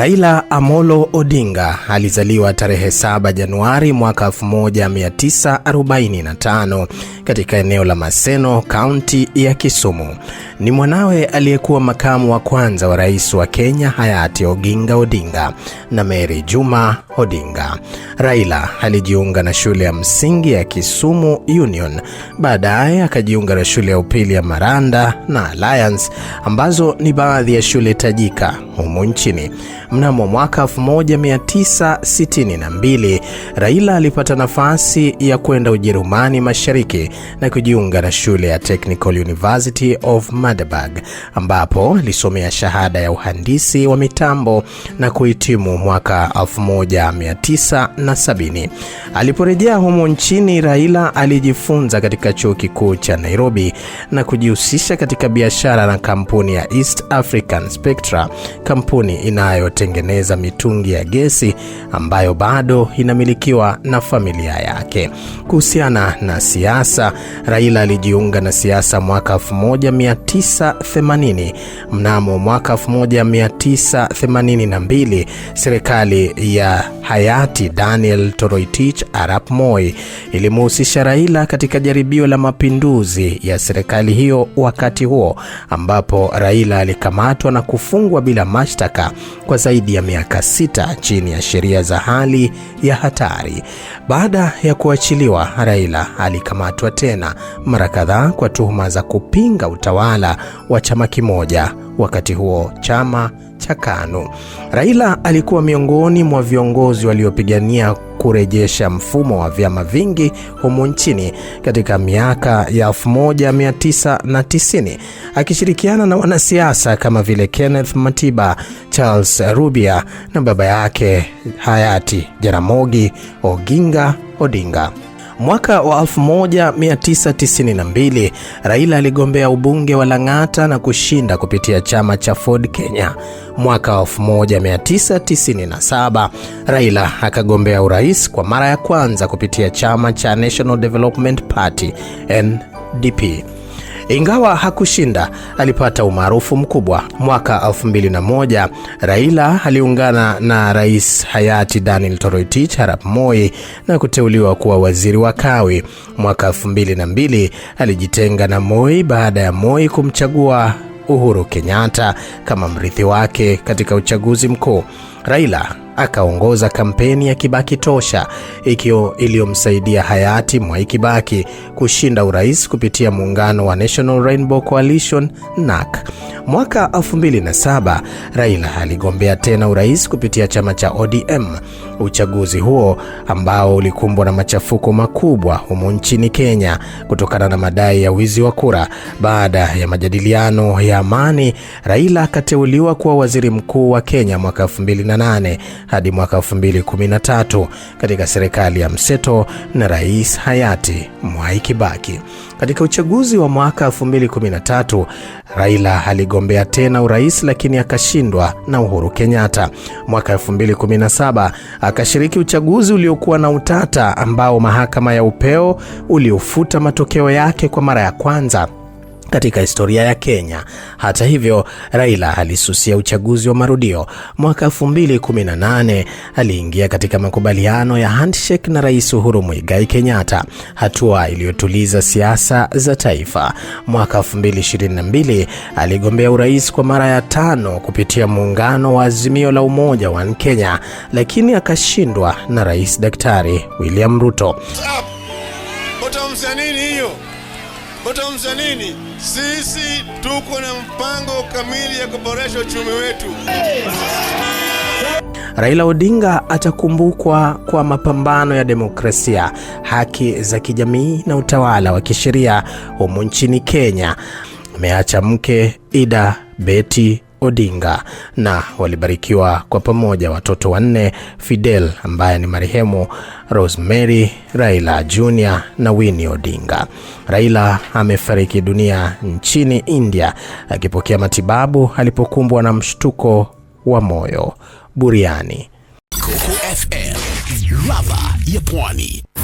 Raila Amolo Odinga alizaliwa tarehe 7 Januari mwaka 1945 katika eneo la Maseno, kaunti ya Kisumu. Ni mwanawe aliyekuwa makamu wa kwanza wa rais wa Kenya hayati Oginga Odinga na Mary Juma Odinga. Raila alijiunga na shule ya msingi ya Kisumu Union, baadaye akajiunga na shule ya upili ya Maranda na Alliance ambazo ni baadhi ya shule tajika humu nchini. Mnamo mwaka 1962 Raila alipata nafasi ya kwenda Ujerumani Mashariki na kujiunga na shule ya Technical University of Magdeburg ambapo alisomea shahada ya uhandisi wa mitambo na kuhitimu mwaka 1970. Aliporejea humu nchini, Raila alijifunza katika chuo kikuu cha Nairobi na kujihusisha katika biashara na kampuni ya East African Spectra kampuni inayotengeneza mitungi ya gesi ambayo bado inamilikiwa na familia yake. Kuhusiana na siasa, Raila alijiunga na siasa mwaka 1980. Mnamo mwaka 1982 serikali ya hayati Daniel Toroitich Arap Moi ilimuhusisha Raila katika jaribio la mapinduzi ya serikali hiyo wakati huo ambapo Raila alikamatwa na kufungwa bila mashtaka kwa zaidi ya miaka sita chini ya sheria za hali ya hatari. Baada ya kuachiliwa, Raila alikamatwa tena mara kadhaa kwa tuhuma za kupinga utawala wa chama kimoja, wakati huo chama cha KANU. Raila alikuwa miongoni mwa viongozi waliopigania kurejesha mfumo wa vyama vingi humu nchini katika miaka ya 1990 akishirikiana na wanasiasa kama vile Kenneth Matiba, Charles Rubia na baba yake hayati Jaramogi Oginga Odinga. Mwaka wa 1992 Raila aligombea ubunge wa Lang'ata na kushinda kupitia chama cha Ford Kenya. Mwaka wa 1997 Raila akagombea urais kwa mara ya kwanza kupitia chama cha National Development Party NDP. Ingawa hakushinda, alipata umaarufu mkubwa. Mwaka 2001 Raila aliungana na Rais hayati Daniel Toroitich Arap Moi na kuteuliwa kuwa waziri wa kawi. Mwaka 2002 alijitenga na Moi baada ya Moi kumchagua Uhuru Kenyatta kama mrithi wake katika uchaguzi mkuu. Raila akaongoza kampeni ya Kibaki Tosha iliyomsaidia hayati Mwai Kibaki kushinda urais kupitia muungano wa National Rainbow Coalition NAC. Mwaka 2007 Raila aligombea tena urais kupitia chama cha ODM. Uchaguzi huo ambao ulikumbwa na machafuko makubwa humu nchini Kenya kutokana na madai ya wizi wa kura. Baada ya majadiliano ya amani, Raila akateuliwa kuwa waziri mkuu wa Kenya mwaka 2008 hadi mwaka 2013 katika serikali ya mseto na Rais hayati Mwai Kibaki. Katika uchaguzi wa mwaka 2013, Raila aligombea tena urais lakini akashindwa na Uhuru Kenyatta. Mwaka 2017 akashiriki uchaguzi uliokuwa na utata ambao mahakama ya upeo uliofuta matokeo yake kwa mara ya kwanza katika historia ya Kenya. Hata hivyo, Raila alisusia uchaguzi wa marudio mwaka 2018. Aliingia katika makubaliano ya handshake na Rais Uhuru Muigai Kenyatta, hatua iliyotuliza siasa za taifa. Mwaka 2022 aligombea urais kwa mara ya tano kupitia muungano wa Azimio la Umoja wa Kenya, lakini akashindwa na Rais Daktari William Ruto. Bottoms nini? Sisi tuko na mpango kamili ya kuboresha uchumi wetu. Raila Odinga atakumbukwa kwa mapambano ya demokrasia, haki za kijamii na utawala wa kisheria humu nchini Kenya. Ameacha mke Ida Beti Odinga na walibarikiwa kwa pamoja watoto wanne, Fidel ambaye ni marehemu, Rosemary, Raila Junior na Winnie Odinga. Raila amefariki dunia nchini India akipokea matibabu alipokumbwa na mshtuko wa moyo buriani. Coco FM, ladha ya Pwani.